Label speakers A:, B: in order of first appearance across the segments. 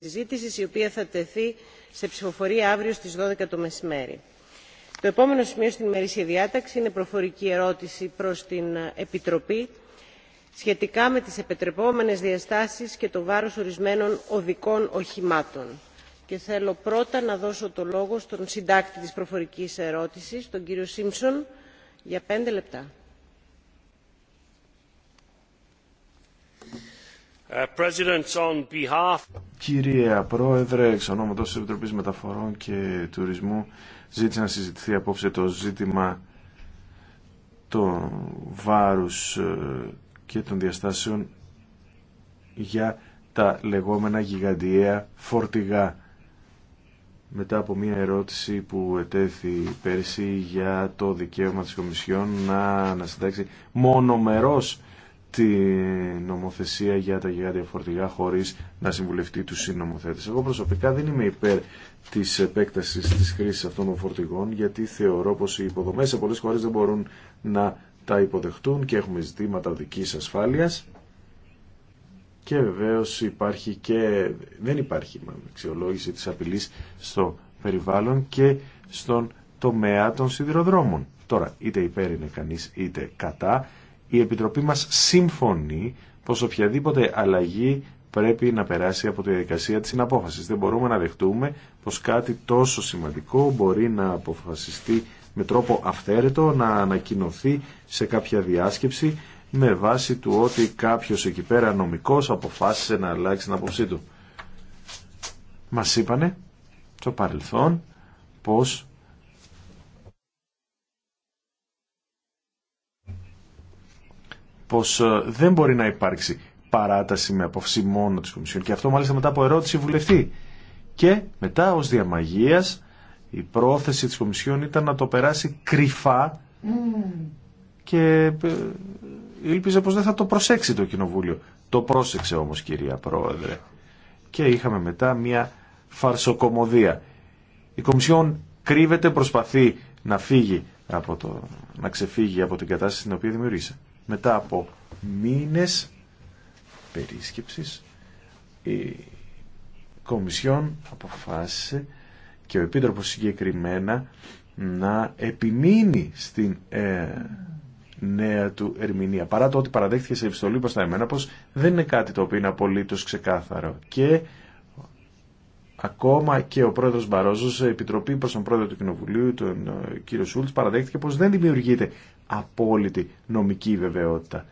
A: συζήτησης η οποία θα τεθεί σε ψηφοφορία αύριο στις 12 το μεσημέρι. Το επόμενο σημείο στην ημερήσια διάταξη είναι προφορική ερώτηση προς την Επιτροπή σχετικά με τις επιτρεπόμενες διαστάσεις και το βάρος ορισμένων οδικών οχημάτων. Και θέλω πρώτα να δώσω το λόγο στον συντάκτη της προφορικής ερώτησης, τον κύριο Σίμψον, για πέντε λεπτά. Uh,
B: Κύριε Πρόεδρε, εξ ονόματο τη Επιτροπή Μεταφορών και Τουρισμού ζήτησα να συζητηθεί απόψε το ζήτημα των βάρου ε, και των διαστάσεων για τα λεγόμενα γιγαντιαία φορτηγά. Μετά από μια ερώτηση που ετέθη πέρσι για το δικαίωμα της Κομισιόν να ανασυντάξει μονομερός την νομοθεσία για τα γιγάντια φορτηγά χωρίς να συμβουλευτεί τους συνομοθέτες. Εγώ προσωπικά δεν είμαι υπέρ της επέκτασης της χρήσης αυτών των φορτηγών γιατί θεωρώ πως οι υποδομές σε πολλές χώρες δεν μπορούν να τα υποδεχτούν και έχουμε ζητήματα οδικής ασφάλειας και βεβαίως υπάρχει και δεν υπάρχει αξιολόγηση της απειλής στο περιβάλλον και στον τομέα των σιδηροδρόμων. Τώρα, είτε υπέρ είναι κανείς είτε κατά, η Επιτροπή μας συμφωνεί πως οποιαδήποτε αλλαγή πρέπει να περάσει από τη διαδικασία της συναπόφασης. Δεν μπορούμε να δεχτούμε πως κάτι τόσο σημαντικό μπορεί να αποφασιστεί με τρόπο αυθαίρετο, να ανακοινωθεί σε κάποια διάσκεψη με βάση του ότι κάποιος εκεί πέρα νομικός αποφάσισε να αλλάξει την απόψή του. Μας είπανε στο παρελθόν πως πως ε, δεν μπορεί να υπάρξει παράταση με απόφαση μόνο της Κομισιόν και αυτό μάλιστα μετά από ερώτηση βουλευτή. Και μετά ως διαμαγείας η πρόθεση της Κομισιόν ήταν να το περάσει κρυφά mm. και ε, ήλπιζε πως δεν θα το προσέξει το Κοινοβούλιο. Το πρόσεξε όμως κυρία Πρόεδρε και είχαμε μετά μια φαρσοκομωδία. Η Κομισιόν κρύβεται, προσπαθεί να φύγει από το, να ξεφύγει από την κατάσταση την οποία δημιουργήσε. Μετά από μήνες περίσκεψης η Κομισιόν αποφάσισε και ο Επίτροπος συγκεκριμένα να επιμείνει στην ε, νέα του ερμηνεία. Παρά το ότι παραδέχθηκε σε επιστολή προς τα εμένα πως δεν είναι κάτι το οποίο είναι απολύτως ξεκάθαρο. Και ακόμα και ο πρόεδρος Μπαρόζος, επιτροπή προς τον πρόεδρο του Κοινοβουλίου, τον ε, κύριο Σούλτς, παραδέχτηκε πως δεν δημιουργείται απόλυτη νομική βεβαιότητα.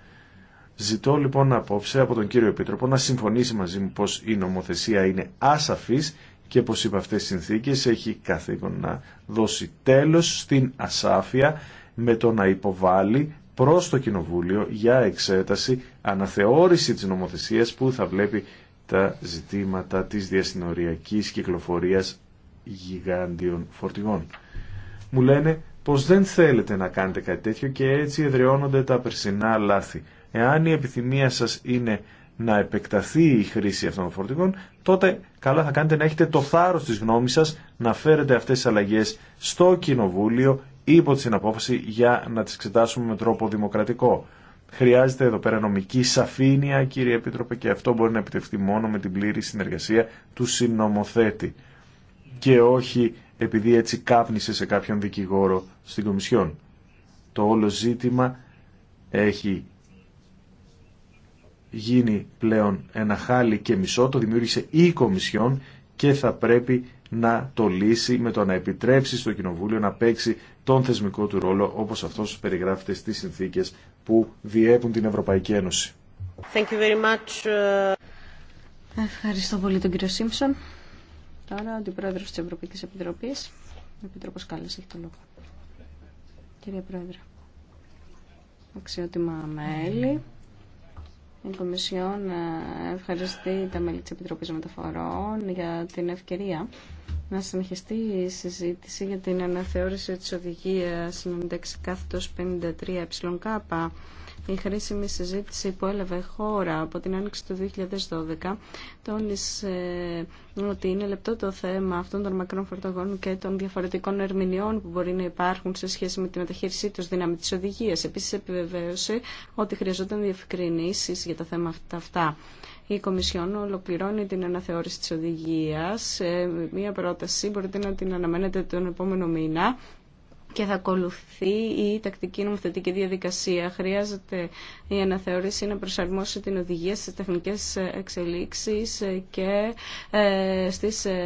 B: Ζητώ λοιπόν απόψε από τον κύριο Επίτροπο να συμφωνήσει μαζί μου πως η νομοθεσία είναι ασαφής και πως υπ' αυτές τις συνθήκες έχει καθήκον να δώσει τέλος στην ασάφεια με το να υποβάλει προς το Κοινοβούλιο για εξέταση αναθεώρηση της νομοθεσίας που θα βλέπει τα ζητήματα της διασυνοριακής κυκλοφορίας γιγάντιων φορτηγών. Μου λένε πως δεν θέλετε να κάνετε κάτι τέτοιο και έτσι εδραιώνονται τα περσινά λάθη. Εάν η επιθυμία σας είναι να επεκταθεί η χρήση αυτών των φορτηγών, τότε καλά θα κάνετε να έχετε το θάρρος της γνώμης σας να φέρετε αυτές τις αλλαγές στο Κοινοβούλιο υπό την απόφαση για να τις εξετάσουμε με τρόπο δημοκρατικό. Χρειάζεται εδώ πέρα νομική σαφήνεια, κύριε Επίτροπε, και αυτό μπορεί να επιτευχθεί μόνο με την πλήρη συνεργασία του συνομοθέτη και όχι επειδή έτσι κάπνισε σε κάποιον δικηγόρο στην Κομισιόν. Το όλο ζήτημα έχει γίνει πλέον ένα χάλι και μισό, το δημιούργησε η Κομισιόν και θα πρέπει να το λύσει με το να επιτρέψει στο Κοινοβούλιο να παίξει τον θεσμικό του ρόλο όπως αυτός περιγράφεται στις συνθήκες που διέπουν την Ευρωπαϊκή Ένωση.
A: Thank you very much. Uh, Ευχαριστώ πολύ τον κύριο Σίμψον τώρα ο αντιπρόεδρο τη Ευρωπαϊκή Επιτροπή, ο Επιτροπό Κάλλας, έχει το λόγο. Κύριε Πρόεδρε, αξιότιμα μέλη, η Κομισιόν ε, ευχαριστεί τα μέλη τη Επιτροπή Μεταφορών για την ευκαιρία να συνεχιστεί η συζήτηση για την αναθεώρηση της οδηγίας 96 53 ΕΚ η χρήσιμη συζήτηση που έλαβε χώρα από την άνοιξη του 2012 τόνισε ότι είναι λεπτό το θέμα αυτών των μακρών φορταγών και των διαφορετικών ερμηνεών που μπορεί να υπάρχουν σε σχέση με τη μεταχείρισή του δύναμη τη οδηγία. Επίση, επιβεβαίωσε ότι χρειαζόταν διευκρινήσει για τα θέματα αυτά. Η Κομισιόν ολοκληρώνει την αναθεώρηση της οδηγίας. Ε, μία πρόταση μπορείτε να την αναμένετε τον επόμενο μήνα και θα ακολουθεί η τακτική νομοθετική διαδικασία. Χρειάζεται η αναθεώρηση να προσαρμόσει την οδηγία στις τεχνικές εξελίξεις και ε, στις, ε,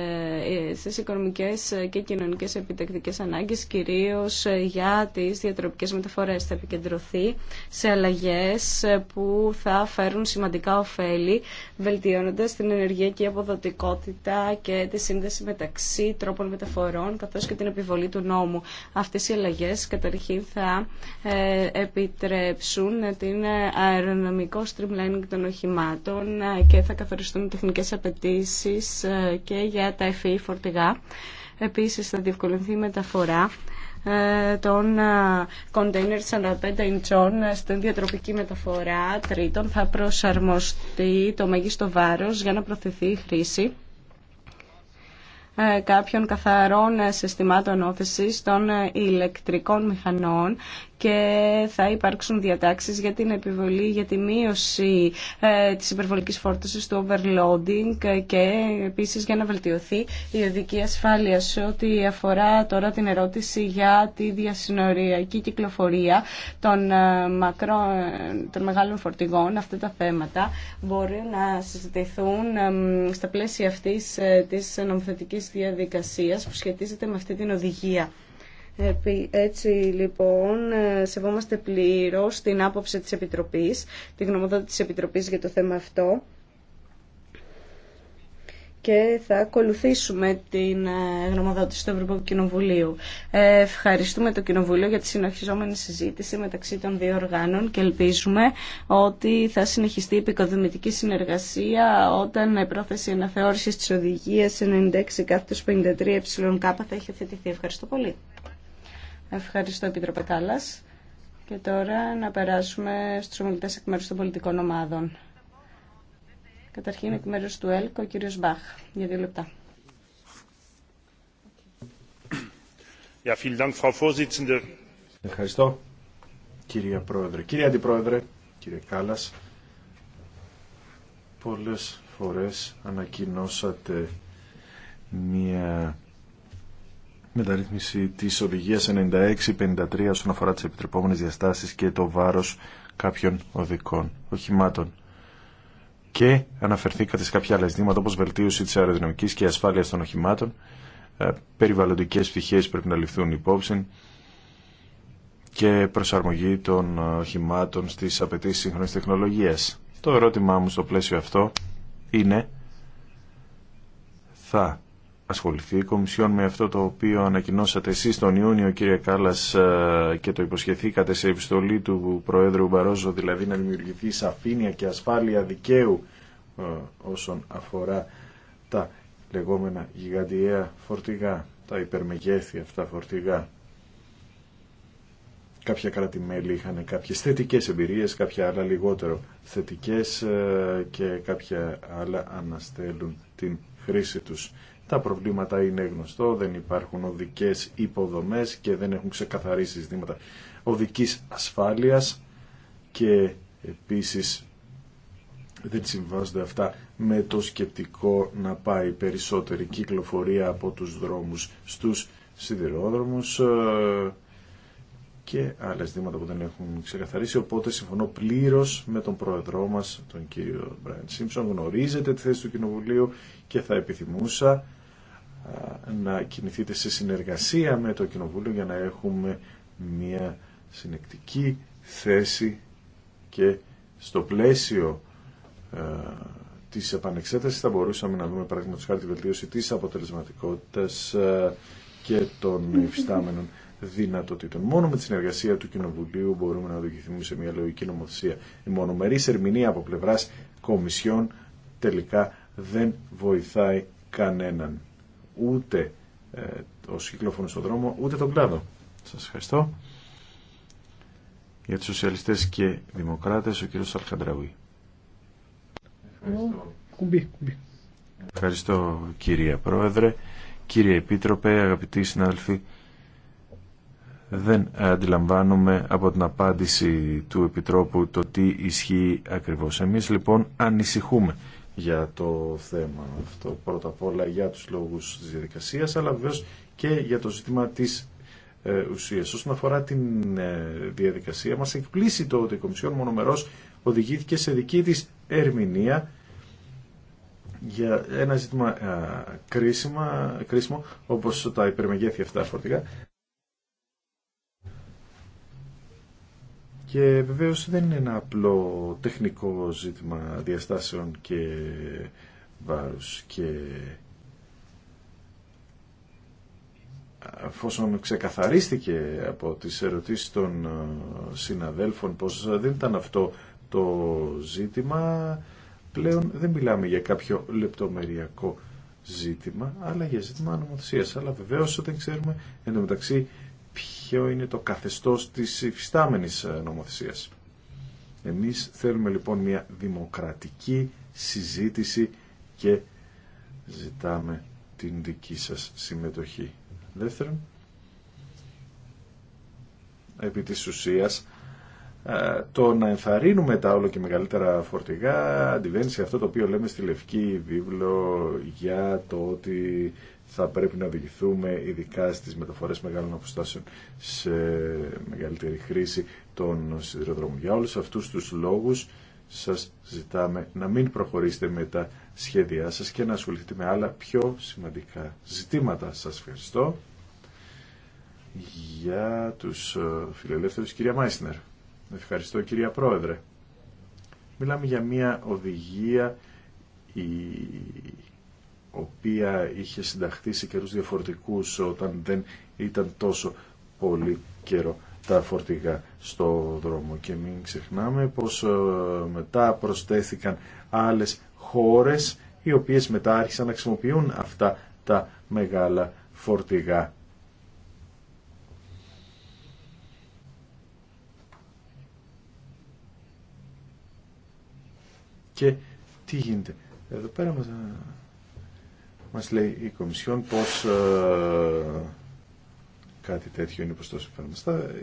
A: στις οικονομικές και κοινωνικές επιτακτικές ανάγκες, κυρίως για τις διατροπικές μεταφορές. Θα επικεντρωθεί σε αλλαγές που θα φέρουν σημαντικά ωφέλη, βελτιώνοντας την ενεργειακή αποδοτικότητα και τη σύνδεση μεταξύ τρόπων μεταφορών, καθώς και την επιβολή του νόμου αυτές οι αλλαγές καταρχήν θα ε, επιτρέψουν την αερονομικό streamlining των οχημάτων ε, και θα καθοριστούν τεχνικές απαιτήσει ε, και για τα FE φορτηγά. Επίσης θα διευκολυνθεί η μεταφορά των κοντέινερ 45 ιντσών στην διατροπική μεταφορά. Τρίτον, θα προσαρμοστεί το μέγιστο βάρος για να προθεθεί η χρήση ε, κάποιων καθαρών συστημάτων όθησης των ε, ηλεκτρικών μηχανών και θα υπάρξουν διατάξεις για την επιβολή, για τη μείωση ε, της υπερβολικής φόρτωσης του overloading και επίσης για να βελτιωθεί η οδική ασφάλεια σε ό,τι αφορά τώρα την ερώτηση για τη διασυνοριακή κυκλοφορία των, ε, μακρό, των μεγάλων φορτηγών. Αυτά τα θέματα μπορεί να συζητηθούν ε, στα πλαίσια αυτής της νομοθετικής διαδικασίας που σχετίζεται με αυτή την οδηγία. Έτσι λοιπόν ε, σεβόμαστε πλήρως την άποψη της Επιτροπής, την γνωμοδότηση της Επιτροπής για το θέμα αυτό και θα ακολουθήσουμε την ε, γνωμοδότηση του Ευρωπαϊκού Κοινοβουλίου. Ε, ευχαριστούμε το Κοινοβούλιο για τη συνεχιζόμενη συζήτηση μεταξύ των δύο οργάνων και ελπίζουμε ότι θα συνεχιστεί η επικοδομητική συνεργασία όταν η πρόθεση αναθεώρησης της οδηγίας 96 53 ΕΚ θα έχει θετηθεί. Ευχαριστώ πολύ. Ευχαριστώ, Επίτροπε Κάλλα. Και τώρα να περάσουμε στου ομιλητέ εκ μέρου των πολιτικών ομάδων. Καταρχήν εκ μέρου του ΕΛΚ, ο κύριο Μπαχ, για δύο λεπτά.
B: Ευχαριστώ, κύριε Πρόεδρε. Κύριε Αντιπρόεδρε, κύριε Κάλλας, πολλές φορές ανακοινώσατε μια μεταρρύθμιση της οδηγίας 96-53 όσον αφορά τις επιτρεπόμενες διαστάσεις και το βάρος κάποιων οδικών οχημάτων. Και αναφερθήκατε σε κάποια άλλα ζητήματα όπως βελτίωση της αεροδυναμικής και ασφάλειας των οχημάτων, ε, περιβαλλοντικές πτυχές πρέπει να ληφθούν υπόψη και προσαρμογή των οχημάτων στις απαιτήσεις σύγχρονης τεχνολογίας. Το ερώτημά μου στο πλαίσιο αυτό είναι θα ασχοληθεί η Κομισιόν με αυτό το οποίο ανακοινώσατε εσείς τον Ιούνιο κύριε Κάλλας ε, και το υποσχεθήκατε σε επιστολή του Προέδρου Μπαρόζο δηλαδή να δημιουργηθεί σαφήνεια και ασφάλεια δικαίου ε, όσον αφορά τα λεγόμενα γιγαντιαία φορτηγά, τα υπερμεγέθη αυτά φορτηγά. Κάποια κράτη-μέλη είχαν κάποιες θετικές εμπειρίες, κάποια άλλα λιγότερο θετικές ε, και κάποια άλλα αναστέλουν την χρήση τους. Τα προβλήματα είναι γνωστό, δεν υπάρχουν οδικές υποδομές και δεν έχουν ξεκαθαρίσει ζητήματα οδικής ασφάλειας και επίσης δεν συμβάζονται αυτά με το σκεπτικό να πάει περισσότερη κυκλοφορία από τους δρόμους στους σιδηρόδρομους ε, και άλλα ζητήματα που δεν έχουν ξεκαθαρίσει. Οπότε συμφωνώ πλήρω με τον πρόεδρό μα, τον κύριο Μπράιν Σίμψον. Γνωρίζετε τη θέση του Κοινοβουλίου και θα επιθυμούσα να κινηθείτε σε συνεργασία με το Κοινοβούλιο για να έχουμε μια συνεκτική θέση και στο πλαίσιο ε, της επανεξέτασης θα μπορούσαμε να δούμε παραδείγματος χάρη τη βελτίωση της αποτελεσματικότητας ε, και των υφιστάμενων δυνατοτήτων. Μόνο με τη συνεργασία του Κοινοβουλίου μπορούμε να οδηγηθούμε σε μια λογική νομοθεσία. Η μονομερή ερμηνεία από πλευράς κομισιών τελικά δεν βοηθάει κανέναν ούτε ε, το κυκλόφωνος στον δρόμο, ούτε τον κλάδο. Σας ευχαριστώ. Για τους σοσιαλιστές και δημοκράτες, ο κύριος Αλχαντραουή. Ευχαριστώ. κυρία κύριε Πρόεδρε, κύριε Επίτροπε, αγαπητοί συνάδελφοι. Δεν αντιλαμβάνουμε από την απάντηση του Επιτρόπου το τι ισχύει ακριβώς. Εμείς λοιπόν ανησυχούμε για το θέμα αυτό πρώτα απ' όλα για τους λόγους της διαδικασίας αλλά βεβαίως και για το ζήτημα της ε, ουσίας. Όσον αφορά την ε, διαδικασία μας εκπλήσει το ότι η Κομισιόν μονομερός οδηγήθηκε σε δική της ερμηνεία για ένα ζήτημα ε, κρίσιμα, κρίσιμο όπως τα υπερμεγέθη αυτά φορτικά Και βεβαίω δεν είναι ένα απλό τεχνικό ζήτημα διαστάσεων και βάρους και εφόσον ξεκαθαρίστηκε από τις ερωτήσεις των ε, συναδέλφων πως δεν ήταν αυτό το ζήτημα πλέον δεν μιλάμε για κάποιο λεπτομεριακό ζήτημα αλλά για ζήτημα νομοθεσίας αλλά βεβαίως όταν ξέρουμε μεταξύ, ποιο είναι το καθεστώς της υφιστάμενης ε, νομοθεσίας. Εμείς θέλουμε λοιπόν μια δημοκρατική συζήτηση και ζητάμε την δική σας συμμετοχή. Δεύτερον, επί της ουσίας, ε, το να ενθαρρύνουμε τα όλο και μεγαλύτερα φορτηγά αντιβαίνει σε αυτό το οποίο λέμε στη Λευκή Βίβλο για το ότι θα πρέπει να οδηγηθούμε ειδικά στις μεταφορές μεγάλων αποστάσεων σε μεγαλύτερη χρήση των σιδηροδρόμων. Για όλους αυτούς τους λόγους σας ζητάμε να μην προχωρήσετε με τα σχέδιά σας και να ασχοληθείτε με άλλα πιο σημαντικά ζητήματα. Σας ευχαριστώ για τους ε, φιλελεύθερους κυρία Μάισνερ. Ευχαριστώ κυρία Πρόεδρε. Μιλάμε για μια οδηγία η οποία είχε συνταχθεί σε καιρούς διαφορετικούς όταν δεν ήταν τόσο πολύ καιρό τα φορτηγά στο δρόμο. Και μην ξεχνάμε πως ε, μετά προσθέθηκαν άλλες χώρες οι οποίες μετά άρχισαν να χρησιμοποιούν αυτά τα μεγάλα φορτηγά. Και τι γίνεται. Εδώ πέρα μας ε, μας λέει η Κομισιόν πως ε, κάτι τέτοιο είναι προς το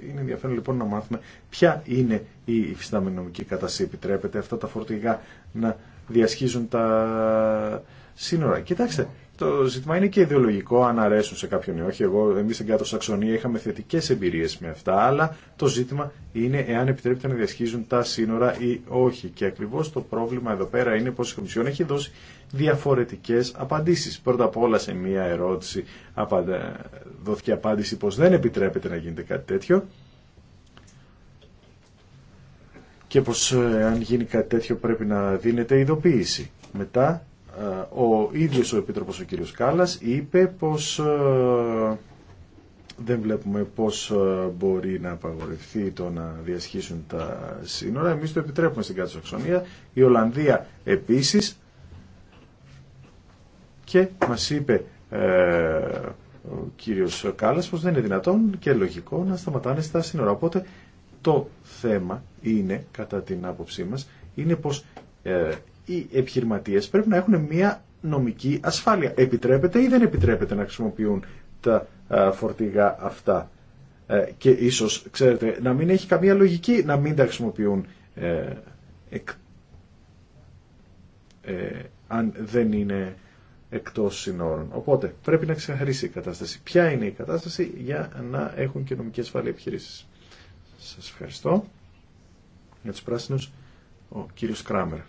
B: Είναι ενδιαφέρον λοιπόν να μάθουμε ποια είναι η υφιστάμενη νομική κατάσταση. Επιτρέπεται αυτά τα φορτηγά να διασχίζουν τα σύνορα. Κοιτάξτε, το ζήτημα είναι και ιδεολογικό, αν αρέσουν σε κάποιον ή όχι. Εγώ, εμεί στην Κάτω Σαξονία είχαμε θετικέ εμπειρίε με αυτά, αλλά το ζήτημα είναι εάν επιτρέπεται να διασχίζουν τα σύνορα ή όχι. Και ακριβώ το πρόβλημα εδώ πέρα είναι πω η Κομισιόν έχει δώσει διαφορετικέ απαντήσει. Πρώτα απ' όλα σε μία ερώτηση απαντα... δόθηκε απάντηση πω δεν επιτρέπεται να γίνεται κάτι τέτοιο. Και πως ε, αν γίνει κάτι τέτοιο πρέπει να δίνεται ειδοποίηση. Μετά ε, ο ίδιος ο Επίτροπος ο κύριος Κάλλας είπε πως ε, δεν βλέπουμε πώς ε, μπορεί να απαγορευτεί το να διασχίσουν τα σύνορα. Εμείς το επιτρέπουμε στην κάτω Σαξονία. Η Ολλανδία επίσης και μας είπε ο κύριος Κάλλας πως δεν είναι δυνατόν και λογικό να σταματάνε στα σύνορα. Οπότε το θέμα είναι, κατά την άποψή μας, είναι πως οι επιχειρηματίε πρέπει να έχουν μια νομική ασφάλεια. Επιτρέπεται ή δεν επιτρέπεται να χρησιμοποιούν τα φορτηγά αυτά. Ε, και ίσως, ξέρετε, να μην έχει καμία λογική να μην τα χρησιμοποιούν ε, ε, αν δεν είναι εκτός συνόρων. Οπότε πρέπει να ξεχαρίσει η κατάσταση. Ποια είναι η κατάσταση για να έχουν και νομική ασφάλεια επιχειρήσει. Σα ευχαριστώ για του πράσινου, Ο κύριος Κράμερ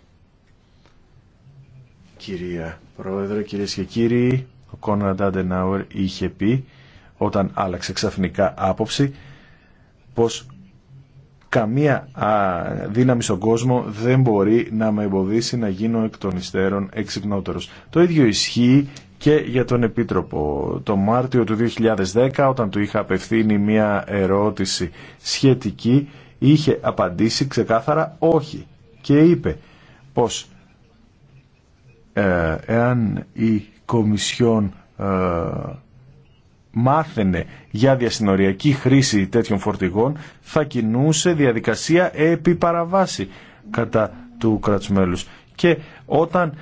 B: κυρία Πρόεδρε, κυρίες και κύριοι. Ο Κόνραντ Αντενάουερ είχε πει όταν άλλαξε ξαφνικά άποψη πως καμία δύναμη στον κόσμο δεν μπορεί να με εμποδίσει να γίνω εκ των υστέρων εξυπνότερος. Το ίδιο ισχύει και για τον Επίτροπο. Το Μάρτιο του 2010 όταν του είχα απευθύνει μια ερώτηση σχετική είχε απαντήσει ξεκάθαρα όχι και είπε πως ε, εάν η Κομισιόν ε, μάθαινε για διασυνοριακή χρήση τέτοιων φορτηγών θα κινούσε διαδικασία επί παραβάση κατά του κρατσμέλους. Και όταν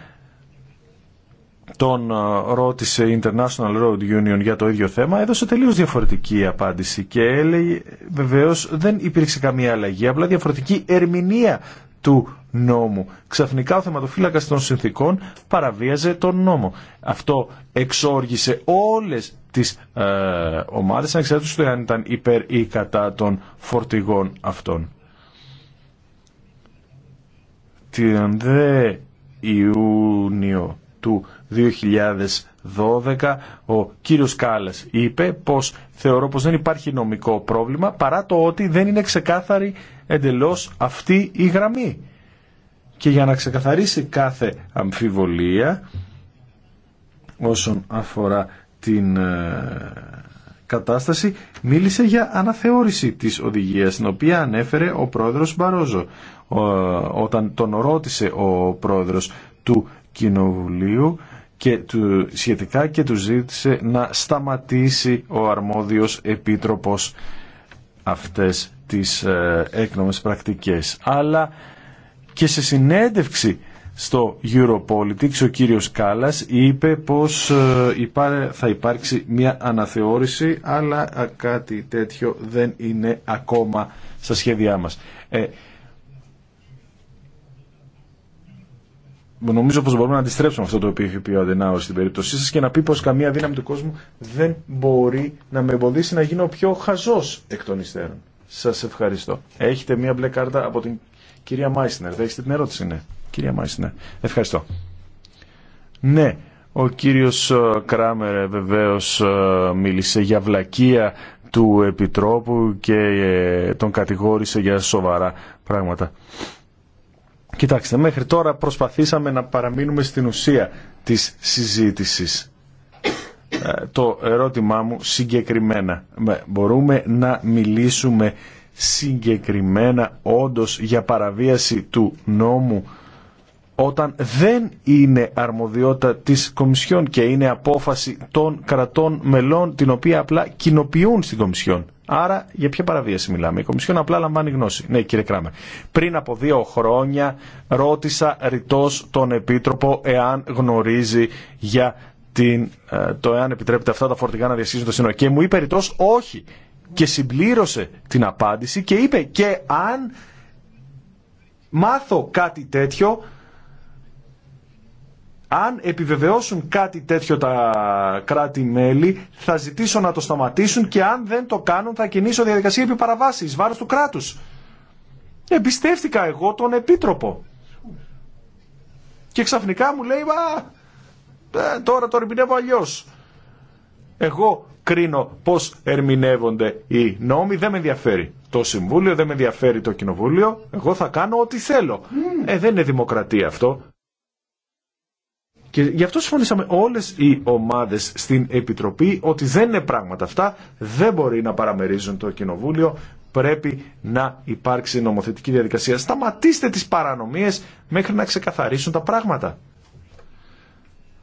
B: τον ε, ρώτησε η International Road Union για το ίδιο θέμα, έδωσε τελείως διαφορετική απάντηση και έλεγε βεβαίως δεν υπήρξε καμία αλλαγή, απλά διαφορετική ερμηνεία του νόμου. Ξαφνικά ο θεματοφύλακας των συνθήκων παραβίαζε τον νόμο. Αυτό εξόργησε όλες τις ε, ομάδες ανεξαρτήτως του αν ήταν υπέρ ή κατά των φορτηγών αυτών. Την δε Ιούνιο του 2012 ο κύριος Κάλλας είπε πως θεωρώ πως δεν υπάρχει νομικό πρόβλημα παρά το ότι δεν είναι ξεκάθαρη εντελώς αυτή η γραμμή. Και για να ξεκαθαρίσει κάθε αμφιβολία όσον αφορά την ε, κατάσταση μίλησε για αναθεώρηση της οδηγίας την οποία ανέφερε ο πρόεδρος Μπαρόζο όταν τον ρώτησε ο πρόεδρος του Κοινοβουλίου και του, σχετικά και του ζήτησε να σταματήσει ο αρμόδιος επίτροπος αυτές τις ε, έκνομες πρακτικές. Αλλά και σε συνέντευξη στο Europolitics ο κύριος Κάλλας είπε πως ε, θα υπάρξει μια αναθεώρηση αλλά κάτι τέτοιο δεν είναι ακόμα στα σχέδιά μας. Ε, νομίζω πως μπορούμε να αντιστρέψουμε αυτό το οποίο πει ο Αντενάου στην περίπτωσή σας και να πει πως καμία δύναμη του κόσμου δεν μπορεί να με εμποδίσει να γίνω πιο χαζός εκ των υστέρων. Σας ευχαριστώ. Έχετε μία μπλε κάρτα από την κυρία Μάισνερ. Θα έχετε την ερώτηση, ναι. Κυρία Μάισνερ. Ευχαριστώ. Ναι, ο κύριος ε, Κράμερ ε, βεβαίως ε, μίλησε για βλακεία του Επιτρόπου και τον κατηγόρησε για σοβαρά πράγματα. Κοιτάξτε, μέχρι τώρα προσπαθήσαμε να παραμείνουμε στην ουσία της συζήτησης. Ε, το ερώτημά μου συγκεκριμένα. Μπορούμε να μιλήσουμε συγκεκριμένα όντως για παραβίαση του νόμου όταν δεν είναι αρμοδιότητα της Κομισιόν και είναι απόφαση των κρατών μελών την οποία απλά κοινοποιούν στην Κομισιόν. Άρα για ποια παραβίαση μιλάμε. Η Κομισιόν απλά λαμβάνει γνώση. Ναι κύριε Κράμερ. Πριν από δύο χρόνια ρώτησα ρητός τον Επίτροπο εάν γνωρίζει για την, ε, το εάν επιτρέπεται αυτά τα φορτηγά να διασχίζουν το σύνορο. μου είπε ρητός όχι. Και συμπλήρωσε την απάντηση και είπε και αν μάθω κάτι τέτοιο, αν επιβεβαιώσουν κάτι τέτοιο τα κράτη-μέλη, θα ζητήσω να το σταματήσουν και αν δεν το κάνουν θα κινήσω διαδικασία επί παραβάσεις, βάρος του κράτους. Εμπιστεύτηκα εγώ τον Επίτροπο. Και ξαφνικά μου λέει, μα ε, τώρα το ερμηνεύω αλλιώ. Εγώ κρίνω πώς ερμηνεύονται οι νόμοι, δεν με ενδιαφέρει το Συμβούλιο, δεν με ενδιαφέρει το Κοινοβούλιο, εγώ θα κάνω ό,τι θέλω. Mm. Ε, δεν είναι δημοκρατία αυτό. Και γι' αυτό συμφωνήσαμε όλες οι ομάδες στην Επιτροπή ότι δεν είναι πράγματα αυτά, δεν μπορεί να παραμερίζουν το Κοινοβούλιο, πρέπει να υπάρξει νομοθετική διαδικασία. Σταματήστε τι παρανομίε μέχρι να ξεκαθαρίσουν τα πράγματα.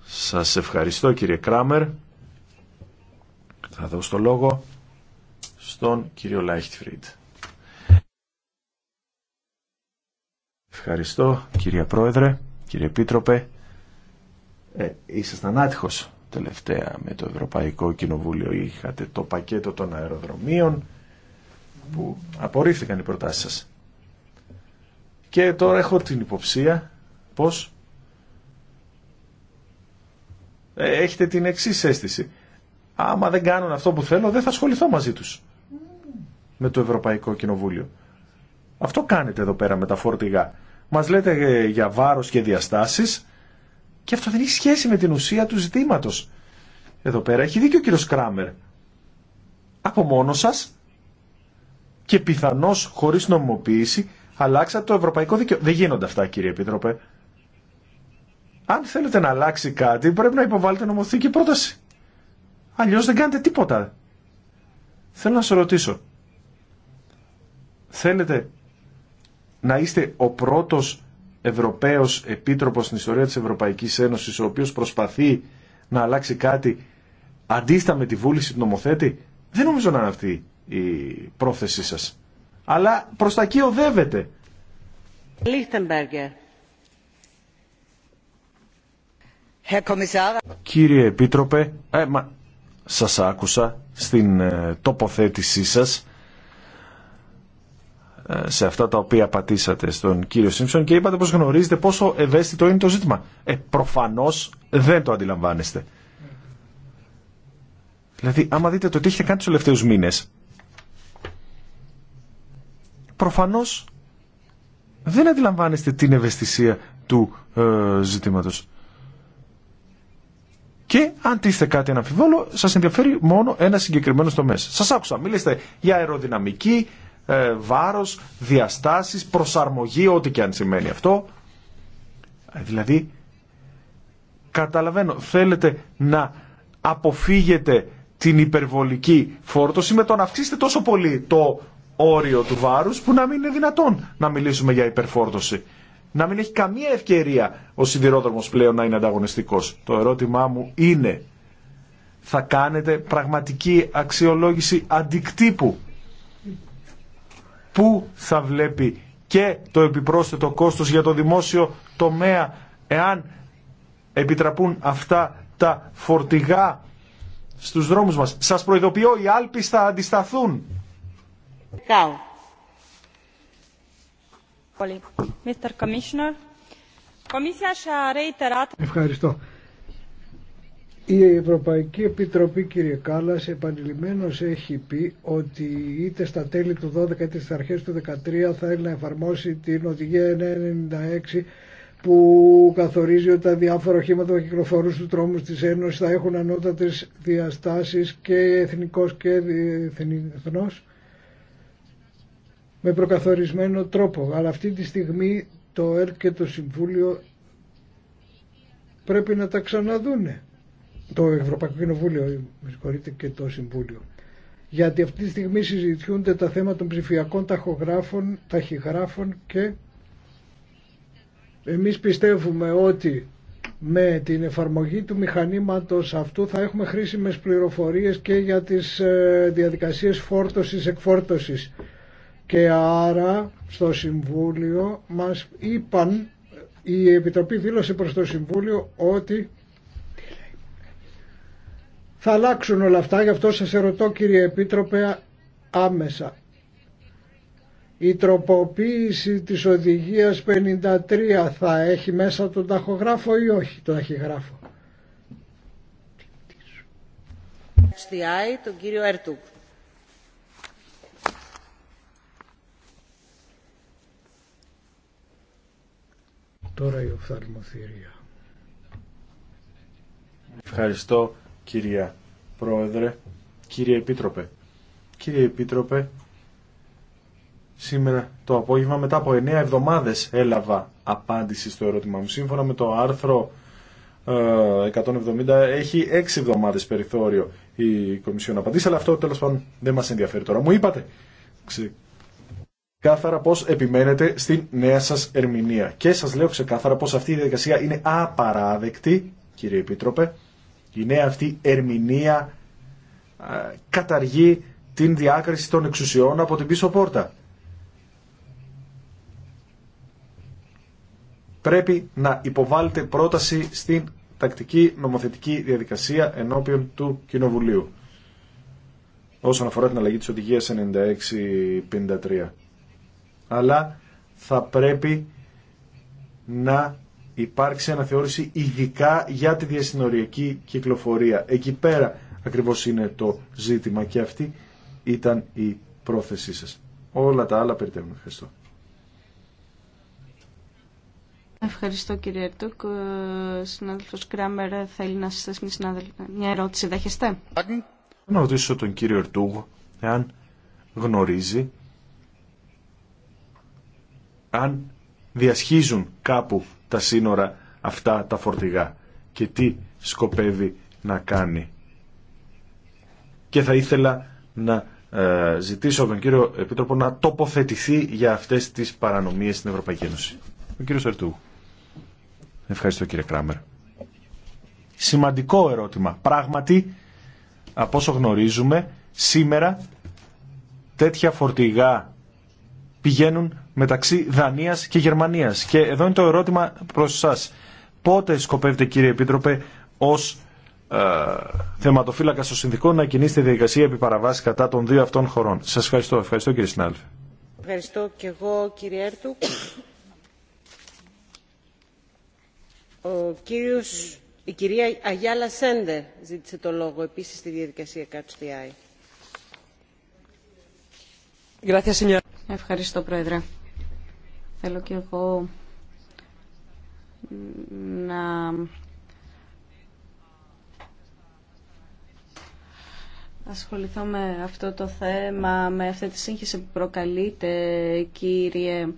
B: Σας ευχαριστώ κύριε Κράμερ. Θα δώσω το λόγο στον κύριο Λάιχτφριντ. Ευχαριστώ κύριε Πρόεδρε, κύριε Επίτροπε. Ε, ήσασταν άτυχος τελευταία με το Ευρωπαϊκό Κοινοβούλιο. Είχατε το πακέτο των αεροδρομίων που απορρίφθηκαν οι προτάσεις σας. Και τώρα έχω την υποψία πως ε, έχετε την εξή αίσθηση. Άμα δεν κάνουν αυτό που θέλω, δεν θα ασχοληθώ μαζί τους. Με το Ευρωπαϊκό Κοινοβούλιο. Αυτό κάνετε εδώ πέρα με τα φορτηγά. Μας λέτε ε, για βάρο και διαστάσεις και αυτό δεν έχει σχέση με την ουσία του ζητήματο. Εδώ πέρα έχει δίκιο ο κύριο Κράμερ. Από μόνο σα. και πιθανώ χωρίς νομιμοποίηση αλλάξατε το ευρωπαϊκό δίκαιο. Δεν γίνονται αυτά κύριε Επίτροπε. Αν θέλετε να αλλάξει κάτι, πρέπει να υποβάλλετε νομοθετική πρόταση. Αλλιώς δεν κάνετε τίποτα. Θέλω να σας ρωτήσω. Θέλετε να είστε ο πρώτος Ευρωπαίος Επίτροπος στην ιστορία της Ευρωπαϊκής Ένωσης, ο οποίος προσπαθεί να αλλάξει κάτι αντίστα με τη βούληση του νομοθέτη. Δεν νομίζω να είναι αυτή η πρόθεσή σας. Αλλά προς τα εκεί οδεύετε. Κύριε Επίτροπε, ε, σας άκουσα στην ε, τοποθέτησή σας ε, σε αυτά τα οποία πατήσατε στον κύριο Σίμψον και είπατε πως γνωρίζετε πόσο ευαίσθητο είναι το ζήτημα. Ε, προφανώς δεν το αντιλαμβάνεστε. Δηλαδή, άμα δείτε το τι έχετε κάνει τους τελευταίους μήνες, προφανώς δεν αντιλαμβάνεστε την ευαισθησία του ε, ζητήματος και αν τίθεται κάτι ένα αμφιβόλο, σας ενδιαφέρει μόνο ένα συγκεκριμένο τομέα. Σας άκουσα, μιλήστε για αεροδυναμική, ε, βάρος, διαστάσεις, προσαρμογή, ό,τι και αν σημαίνει αυτό. Ε, δηλαδή, καταλαβαίνω, θέλετε να αποφύγετε την υπερβολική φόρτωση με το να αυξήσετε τόσο πολύ το όριο του βάρους που να μην είναι δυνατόν να μιλήσουμε για υπερφόρτωση να μην έχει καμία ευκαιρία ο σιδηρόδρομος πλέον να είναι ανταγωνιστικός. Το ερώτημά μου είναι, θα κάνετε πραγματική αξιολόγηση αντικτύπου που θα βλέπει και το επιπρόσθετο κόστος για το δημόσιο τομέα εάν επιτραπούν αυτά τα φορτηγά στους δρόμους μας. Σας προειδοποιώ, οι Άλπεις θα αντισταθούν.
A: Ευχαριστώ.
C: Η Ευρωπαϊκή Επιτροπή, κύριε Κάλλας, επανειλημμένως έχει πει ότι είτε στα τέλη του 12 είτε στις αρχές του 2013 θα να εφαρμόσει την οδηγία 996 που καθορίζει ότι τα διάφορα οχήματα που κυκλοφορούν του τρόμου της Ένωσης θα έχουν ανώτατες διαστάσεις και εθνικός και διεθνός με προκαθορισμένο τρόπο. Αλλά αυτή τη στιγμή το ΕΡΚ και το Συμβούλιο πρέπει να τα ξαναδούνε. Το Ευρωπαϊκό Κοινοβούλιο, με συγχωρείτε, και το Συμβούλιο. Γιατί αυτή τη στιγμή συζητιούνται τα θέματα των ψηφιακών ταχογράφων, ταχυγράφων και εμείς πιστεύουμε ότι με την εφαρμογή του μηχανήματος αυτού θα έχουμε χρήσιμες πληροφορίες και για τις ε, διαδικασίες φόρτωσης-εκφόρτωσης και άρα στο Συμβούλιο μας είπαν, η Επιτροπή δήλωσε προς το Συμβούλιο ότι θα αλλάξουν όλα αυτά, γι' αυτό σας ερωτώ κύριε Επίτροπε άμεσα. Η τροποποίηση της οδηγίας 53 θα έχει μέσα τον ταχογράφο ή όχι τον ταχυγράφο.
A: τον κύριο Ερτούκ.
C: τώρα η οφθαλμοθυρία.
B: Ευχαριστώ κυρία Πρόεδρε, κύριε Επίτροπε. Κύριε Επίτροπε, σήμερα το απόγευμα μετά από 9 εβδομάδες έλαβα απάντηση στο ερώτημά μου. Σύμφωνα με το άρθρο 170 ε, έχει 6 εβδομάδες περιθώριο η Κομισιόν απαντήσει, αλλά αυτό τέλος πάντων δεν μας ενδιαφέρει τώρα. Μου είπατε ξεκάθαρα πώς επιμένετε στην νέα σας ερμηνεία. Και σας λέω ξεκάθαρα πως αυτή η διαδικασία είναι απαράδεκτη, κύριε Επίτροπε, η νέα αυτή ερμηνεία καταργεί την διάκριση των εξουσιών από την πίσω πόρτα. Πρέπει να υποβάλλετε πρόταση στην τακτική νομοθετική διαδικασία ενώπιον του Κοινοβουλίου όσον αφορά την αλλαγή της οδηγίας 9653 αλλά θα πρέπει να υπάρξει αναθεώρηση ειδικά για τη διασυνοριακή κυκλοφορία. Εκεί πέρα ακριβώς είναι το ζήτημα και αυτή ήταν η πρόθεσή σας. Όλα τα άλλα περιτεύουν. Ευχαριστώ.
A: Ευχαριστώ κύριε Ερτούκ. Συνάδελφος Κράμερ θέλει να σας θέσει μια ερώτηση. Δέχεστε.
B: Να ρωτήσω τον κύριο Ερτούγ εάν γνωρίζει αν διασχίζουν κάπου τα σύνορα αυτά τα φορτηγά και τι σκοπεύει να κάνει. Και θα ήθελα να ε, ζητήσω τον κύριο Επίτροπο να τοποθετηθεί για αυτές τις παρανομίες στην Ευρωπαϊκή Ένωση. Ο κύριος Ερτούγου. Ευχαριστώ κύριε Κράμερ. Σημαντικό ερώτημα. Πράγματι, από όσο γνωρίζουμε, σήμερα τέτοια φορτηγά πηγαίνουν μεταξύ Δανίας και Γερμανίας. Και εδώ είναι το ερώτημα προς εσάς. Πότε σκοπεύετε κύριε Επίτροπε ως ε, θεματοφύλακα στο συνδικό να κινήσετε διαδικασία επί κατά των δύο αυτών χωρών. Σας ευχαριστώ. Ευχαριστώ κύριε συνάδελφε.
A: Ευχαριστώ και εγώ κύριε Έρτου. Ο κύριος, η κυρία Αγιάλα Σέντε ζήτησε το λόγο επίσης στη διαδικασία ΚΑΤΣΤΙΑΗ. Ευχαριστώ, Πρόεδρε. Θέλω και εγώ να ασχοληθώ με αυτό το θέμα, με αυτή τη σύγχυση που προκαλείται, κύριε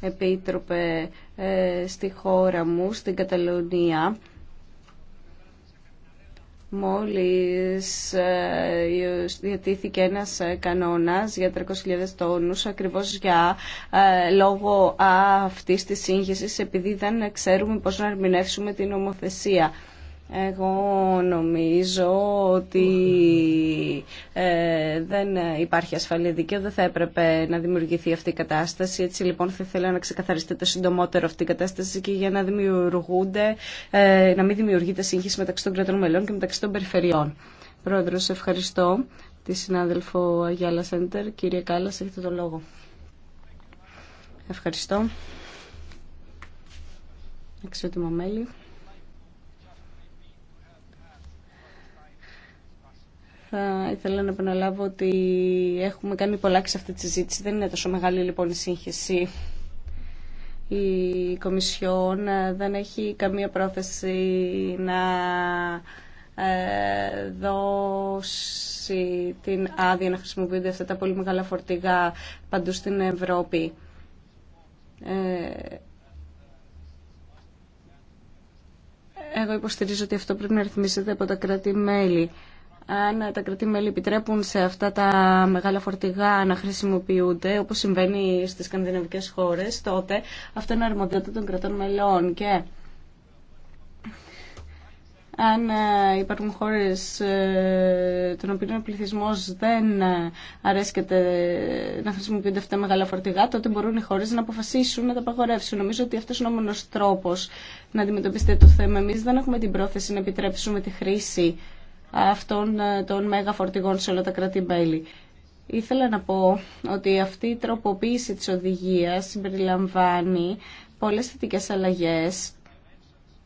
A: Επίτροπε, ε, στη χώρα μου, στην Καταλωνία μόλις διατήθηκε ε, ένας ε, κανόνας για 300.000 τόνους ακριβώς για ε, λόγω αυτής της σύγχυσης επειδή δεν ξέρουμε πώς να ερμηνεύσουμε την νομοθεσία. Εγώ νομίζω ότι ε, δεν υπάρχει ασφαλή δικαίωση, δεν θα έπρεπε να δημιουργηθεί αυτή η κατάσταση. Έτσι λοιπόν θα ήθελα να ξεκαθαριστεί το συντομότερο αυτή η κατάσταση και για να, δημιουργούνται, ε, να μην δημιουργείται σύγχυση μεταξύ των κρατών μελών και μεταξύ των περιφερειών. Πρόεδρος, ευχαριστώ τη συνάδελφο Αγιάλα Σέντερ. Κύριε Κάλλας, έχετε το λόγο. Ευχαριστώ. Εξότιμα μέλη. Θα ήθελα να επαναλάβω ότι έχουμε κάνει πολλά και σε αυτή τη συζήτηση. Δεν είναι τόσο μεγάλη λοιπόν η σύγχυση. Η Κομισιόν ε, δεν έχει καμία πρόθεση να ε, δώσει την άδεια να χρησιμοποιούνται αυτά τα πολύ μεγάλα φορτηγά παντού στην Ευρώπη. Ε, εγώ υποστηρίζω ότι αυτό πρέπει να ρυθμίσετε από τα κράτη-μέλη αν τα κρατή-μέλη επιτρέπουν σε αυτά τα μεγάλα φορτηγά να χρησιμοποιούνται, όπως συμβαίνει στις σκανδιναβικές χώρες, τότε αυτό είναι αρμοδιότητα των κρατών μελών και αν ε, υπάρχουν χώρες ε, των οποίων ο πληθυσμό δεν αρέσκεται να χρησιμοποιούνται αυτά τα μεγάλα φορτηγά, τότε μπορούν οι χώρες να αποφασίσουν να τα απαγορεύσουν. Νομίζω ότι αυτό είναι ο μόνος τρόπος να αντιμετωπίσετε το θέμα. Εμείς δεν έχουμε την πρόθεση να επιτρέψουμε τη χρήση αυτών ε, των φορτηγών σε όλα τα κράτη-μέλη. Ήθελα να πω ότι αυτή η τροποποίηση της οδηγίας συμπεριλαμβάνει πολλές θετικές αλλαγές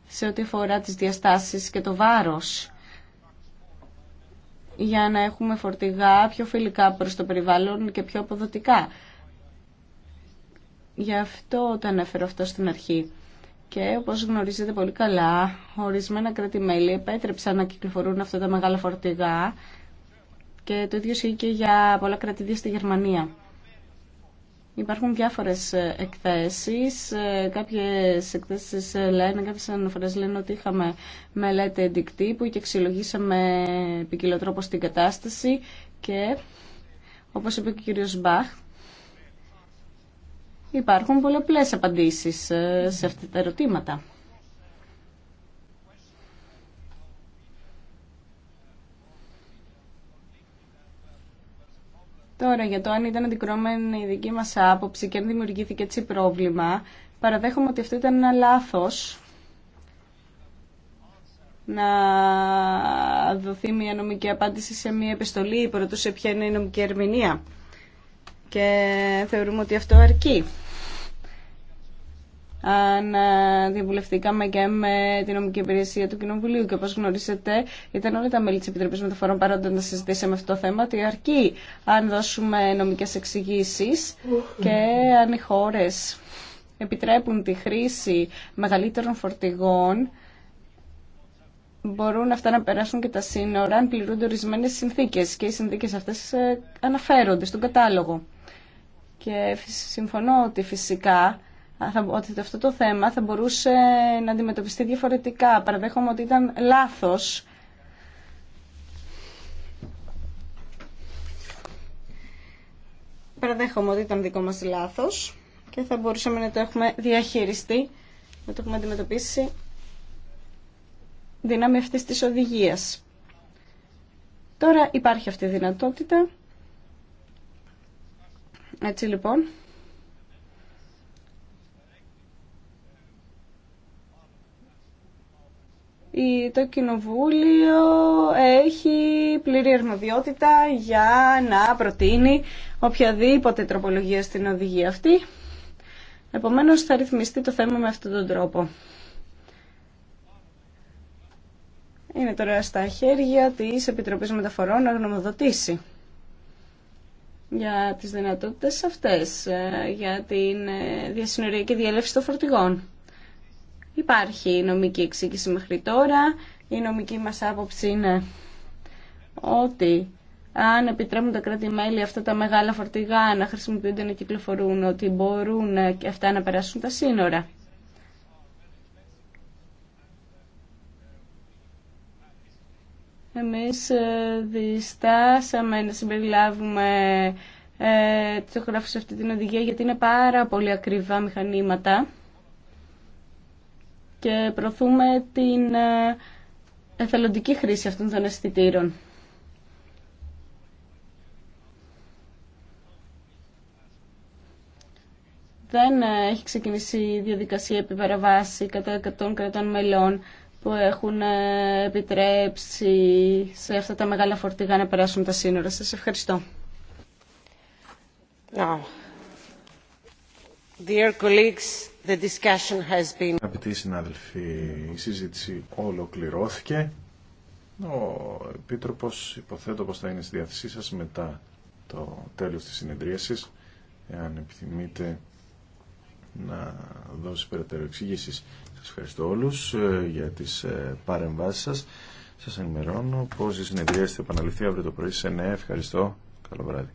A: σε ό,τι αφορά τις διαστάσεις και το βάρος για να έχουμε φορτηγά πιο φιλικά προς το περιβάλλον και πιο αποδοτικά. Γι' αυτό το ανέφερα αυτό στην αρχή. Και όπως γνωρίζετε πολύ καλά, ορισμένα κράτη-μέλη επέτρεψαν να κυκλοφορούν αυτά τα μεγάλα φορτηγά και το ίδιο ισχύει και για πολλά κρατηδία στη Γερμανία. Υπάρχουν διάφορες ε, εκθέσεις, ε, κάποιες εκθέσεις ε, λένε, κάποιες αναφορές λένε ότι είχαμε μελέτη που και εξυλογήσαμε τρόπο την κατάσταση και όπως είπε και ο κύριος Μπαχ, Υπάρχουν πολλαπλές απαντήσεις ε, σε αυτά τα ερωτήματα. Τώρα, για το αν ήταν αντικρώμενη η δική μας άποψη και αν δημιουργήθηκε έτσι πρόβλημα, παραδέχομαι ότι αυτό ήταν ένα λάθος να δοθεί μια νομική απάντηση σε μια επιστολή, ή σε ποια είναι η νομική ερμηνεία και θεωρούμε ότι αυτό αρκεί. Αν ε, διαβουλευτήκαμε και με την νομική υπηρεσία του Κοινοβουλίου και όπω γνωρίζετε, ήταν όλα τα μέλη τη Επιτροπή Μεταφορών παρόντα να συζητήσαμε αυτό το θέμα, ότι αρκεί αν δώσουμε νομικέ εξηγήσει και αν οι χώρε επιτρέπουν τη χρήση μεγαλύτερων φορτηγών, μπορούν αυτά να περάσουν και τα σύνορα αν πληρούνται ορισμένε συνθήκε. Και οι συνθήκε αυτέ ε, αναφέρονται στον κατάλογο. Και συμφωνώ ότι φυσικά ότι αυτό το θέμα θα μπορούσε να αντιμετωπιστεί διαφορετικά. Παραδέχομαι ότι ήταν λάθος παραδέχομαι ότι ήταν δικό μας λάθος και θα μπορούσαμε να το έχουμε διαχειριστεί, να το έχουμε αντιμετωπίσει δύναμη αυτής της οδηγίας. Τώρα υπάρχει αυτή η δυνατότητα έτσι λοιπόν, το Κοινοβούλιο έχει πλήρη αρμοδιότητα για να προτείνει οποιαδήποτε τροπολογία στην οδηγία αυτή. Επομένως θα ρυθμιστεί το θέμα με αυτόν τον τρόπο. Είναι τώρα στα χέρια της Επιτροπής Μεταφορών να γνωμοδοτήσει για τις δυνατότητες αυτές, ε, για την ε, διασυνοριακή διέλευση των φορτηγών. Υπάρχει νομική εξήγηση μέχρι τώρα. Η νομική μας άποψη είναι ότι αν επιτρέπουν τα κράτη-μέλη αυτά τα μεγάλα φορτηγά να χρησιμοποιούνται να κυκλοφορούν, ότι μπορούν και αυτά να περάσουν τα σύνορα. Εμείς ε, διστάσαμε να συμπεριλάβουμε ε, τεχνογράφηση αυτή την οδηγία γιατί είναι πάρα πολύ ακριβά μηχανήματα και προωθούμε την ε, εθελοντική χρήση αυτών των αισθητήρων. Δεν ε, έχει ξεκινήσει η διαδικασία επιβαραβάση κατά 100 κρατών μελών που έχουν ε, επιτρέψει σε αυτά τα μεγάλα φορτηγά να περάσουν τα σύνορα. Σας ευχαριστώ. Now. Dear colleagues, the discussion has been...
B: Αγαπητοί συνάδελφοι, η συζήτηση ολοκληρώθηκε. Ο Επίτροπος υποθέτω πως θα είναι στη διάθεσή σας μετά το τέλος της συνεδρίασης, εάν επιθυμείτε να δώσει περαιτέρω εξηγήσεις. Σας ευχαριστώ όλους ε, για τις ε, παρεμβάσεις σας. Σας ενημερώνω πως η συνεδρία θα επαναληφθεί αύριο το πρωί σε 9. Ευχαριστώ. Καλό βράδυ.